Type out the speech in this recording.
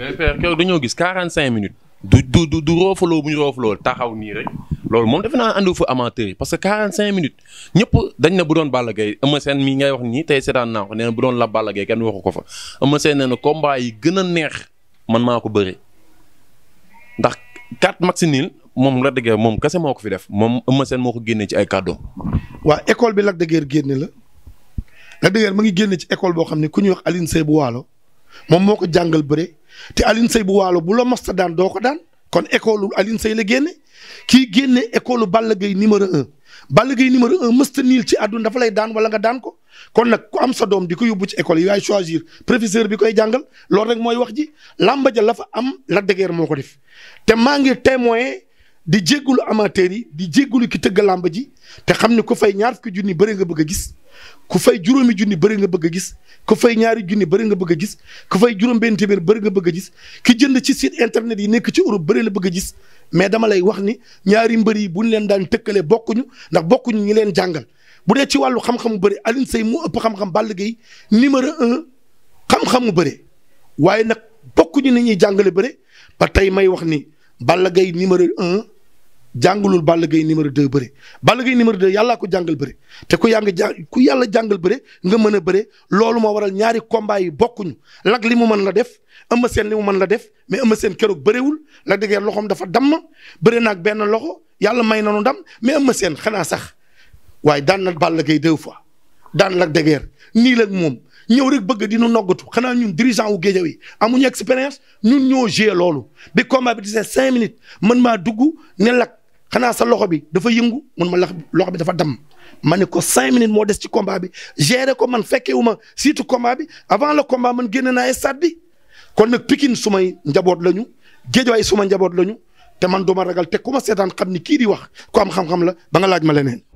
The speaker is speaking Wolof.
mais père keroog dañoo gis 45 minutes. du du du du roofaloo bu ñu roofaloo taxaw nii rek loolu moom defe naa andu fa amateur yi parce que 45 minutes ñëpp dañ ne bu doon Balla Gaye Eumeu Sène mii ngay wax nii tey seetaan naa ko nee na bu doon la Balla Gaye kenn waxu ko fa Eumeu Sène nee na combat yi gën a neex man maa ko bëre ndax 4 match nul moom la de moom kese moo ko fi def moom Eumeu Sène moo ko génnee ci ay kàddoom. waa école bi Lac de Guiers la Lac ngi génne ci école boo xam ne ku ñuy wax Alioune bu waalo moom moo ko jàngal bëre te Alioune Seye bu waalo bu la mosta daan doo ko daan kon école Alioune Seye la génne kii génne école Balla Gaye numéro un Balla Gaye numéro un mësta niil ci àdduna dafa lay daan wala nga daan ko kon nag ku am sa doom di ko yóbbu ci école yi yaay choisir professeur bi koy jàngal loolu rek mooy wax ji làmba ja la fa am la dëgër moo ko def te maa ngi témoin di jéggulu amateur yi di jéggulu ki tëgg làmb ji te xam ne ku fay ñaar fukki junni bëri nga bëgg a gis ku fay juróomi junni bëri nga bëgg a gis ku fay ñaari junni bëri nga bëgg a gis ku fay juróom benn téeméer bëri nga bëgg a gis ki jënd ci site internet yi nekk ci Europe bëri la bëgg a gis mais dama lay wax ni ñaari mbër yi bu ñu leen daan tëkkalee bokkuñu ndax bokkuñu ñi leen jàngal bu dee ci wàllu xam mu bëri alin Seye mu ëpp xam-xam Balla Gaye numéro un xam-xamu bëri waaye nag bokkuñu ni ñuy jàngale bëri ba tey may wax ni Balla Gaye numéro un jàngalul Balla Gaye numéro deux bëre Balla gay numéro deux yàllaa ko jàngal bëre te ku yàlla jàng ku yàlla jàngal bëre nga mën a bëre loolu moo waral ñaari combat yi bokkuñu Lac li mu mën la def Eumeu Sène li mu mën la def mais Eumeu seen keroog bëriwul Lac de loxoom dafa damm bëre naag benn loxo yàlla may nanu ndam mais Eumeu seen xanaa sax waaye daan na Balla Gaye deux fois daan Lac de Guiers nii la moom ñëw rek bëgg dina noggatu xanaa ñun dirigeant wu géejaw yi amuñu expérience ñun ñoo gée loolu bi combat bi di see cinq minutes man maa dugg ne lak xanaa sa loxo bi dafa yëngu mun ma lax loxo bi dafa damm ma ne ko cinq minutes moo des ci combat bi géré ko man fekke wu ma surtout combat bi avant la combat man génn naa stade bi kon nag Pikine sumay njaboot lañu géejawaay suma njaboot lañu te man duma ragal te ku ma seetaan xam ni kii di wax ko am xam-xam la ba nga laaj ma leneen